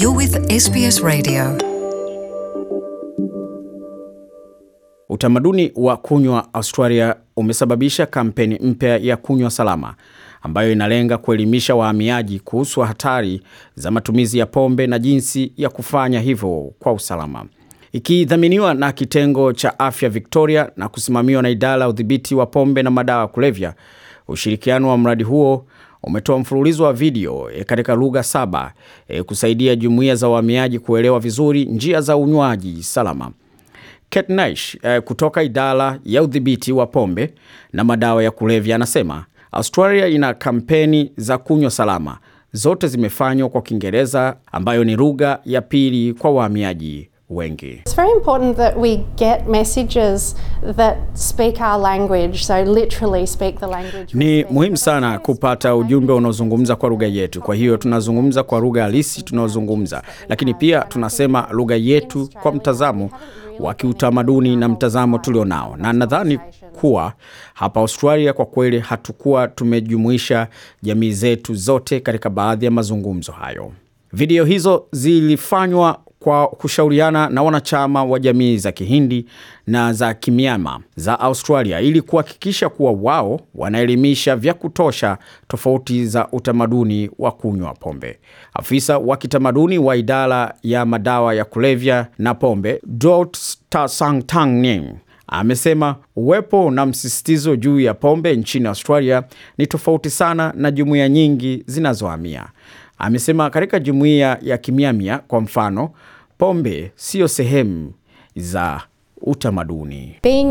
You're with SBS Radio. Utamaduni wa kunywa Australia umesababisha kampeni mpya ya kunywa salama ambayo inalenga kuelimisha wahamiaji kuhusu hatari za matumizi ya pombe na jinsi ya kufanya hivyo kwa usalama. Ikidhaminiwa na kitengo cha afya Victoria na kusimamiwa na idara ya udhibiti wa pombe na madawa ya kulevya, ushirikiano wa mradi huo umetoa mfululizo wa video e, katika lugha saba e, kusaidia jumuiya za uhamiaji kuelewa vizuri njia za unywaji salama. Kate Nash e, kutoka idara ya udhibiti wa pombe na madawa ya kulevya anasema Australia ina kampeni za kunywa salama, zote zimefanywa kwa Kiingereza ambayo ni lugha ya pili kwa wahamiaji wengi. It's very important that we get messages that speak our language, so literally speak the language. Ni muhimu sana kupata ujumbe unaozungumza kwa lugha yetu. Kwa hiyo tunazungumza kwa lugha halisi tunaozungumza lakini pia tunasema lugha yetu kwa mtazamo wa kiutamaduni na mtazamo tulionao, na nadhani kuwa hapa Australia kwa kweli hatukuwa tumejumuisha jamii zetu zote katika baadhi ya mazungumzo hayo. Video hizo zilifanywa kwa kushauriana na wanachama wa jamii za Kihindi na za Kimiama za Australia ili kuhakikisha kuwa wao wanaelimisha vya kutosha tofauti za utamaduni wa kunywa pombe. Afisa wa kitamaduni wa idara ya madawa ya kulevya na pombe Dot Tasangtangning amesema uwepo na msisitizo juu ya pombe nchini Australia ni tofauti sana na jumuiya nyingi zinazohamia. Amesema katika jumuiya ya Kimiamia kwa mfano, pombe siyo sehemu za utamaduni. E,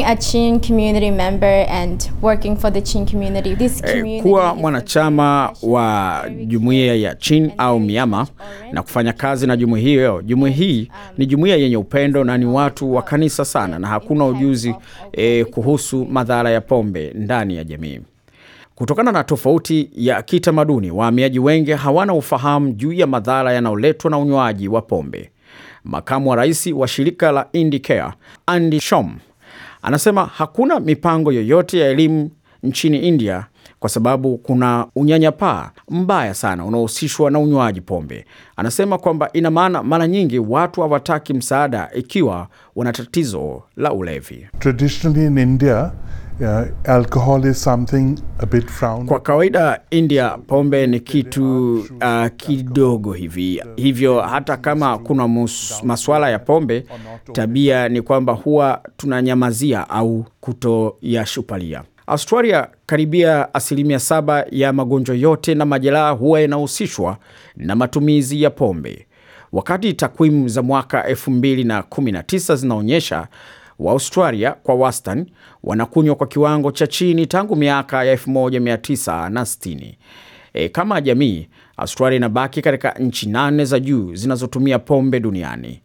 kuwa mwanachama wa jumuiya ya Chin au Miama na kufanya kazi na jumuiya hiyo. Jumuiya hii um, ni jumuiya yenye upendo na ni watu wa kanisa sana, na hakuna ujuzi e, kuhusu madhara ya pombe ndani ya jamii. Kutokana na tofauti ya kitamaduni, wahamiaji wengi hawana ufahamu juu ya madhara yanayoletwa na unywaji wa pombe. Makamu wa rais wa shirika la Indicare Andy Shom anasema hakuna mipango yoyote ya elimu nchini India kwa sababu kuna unyanyapaa mbaya sana unaohusishwa na unywaji pombe. Anasema kwamba ina maana mara nyingi watu hawataki msaada ikiwa wana tatizo la ulevi. Traditionally in India Uh, alcohol is something a bit frowned. Kwa kawaida India pombe ni kitu uh, kidogo hivi hivyo, hata kama kuna masuala maswala ya pombe, tabia ni kwamba huwa tunanyamazia au kutoyashupalia. Australia, karibia asilimia saba ya magonjwa yote na majeraha huwa yanahusishwa na matumizi ya pombe, wakati takwimu za mwaka 2019 zinaonyesha wa Australia kwa wastani wanakunywa kwa kiwango cha chini tangu miaka ya 1960. E, kama jamii Australia inabaki katika nchi nane za juu zinazotumia pombe duniani.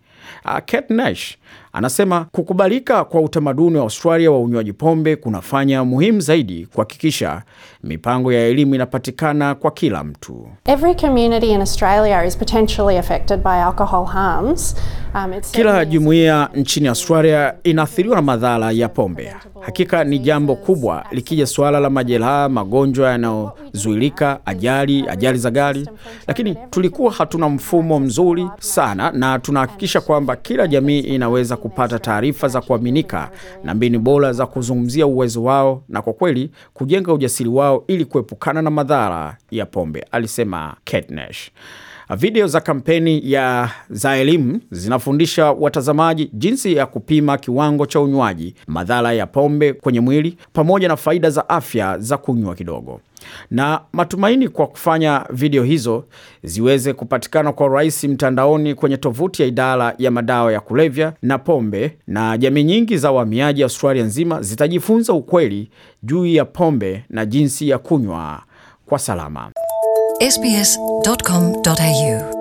Kate Nash anasema kukubalika kwa utamaduni wa Australia wa unywaji pombe kunafanya muhimu zaidi kuhakikisha mipango ya elimu inapatikana kwa kila mtu. Every community in Australia is potentially affected by alcohol harms. Um, kila jumuiya nchini Australia inaathiriwa na madhara ya pombe. Hakika ni jambo kubwa likija suala la majeraha, magonjwa yanayozuilika, ajali, ajali za gari, lakini tulikuwa hatuna mfumo mzuri sana, na tunahakikisha kwamba kila jamii inaweza kupata taarifa za kuaminika na mbinu bora za kuzungumzia uwezo wao na kwa kweli kujenga ujasiri wao ili kuepukana na madhara ya pombe, alisema Kate Nash. Video za kampeni ya za elimu zinafundisha watazamaji jinsi ya kupima kiwango cha unywaji, madhara ya pombe kwenye mwili, pamoja na faida za afya za kunywa kidogo. Na matumaini kwa kufanya video hizo ziweze kupatikana kwa urahisi mtandaoni kwenye tovuti ya idara ya madawa ya kulevya na pombe, na jamii nyingi za wahamiaji Australia nzima zitajifunza ukweli juu ya pombe na jinsi ya kunywa kwa salama. sbs.com.au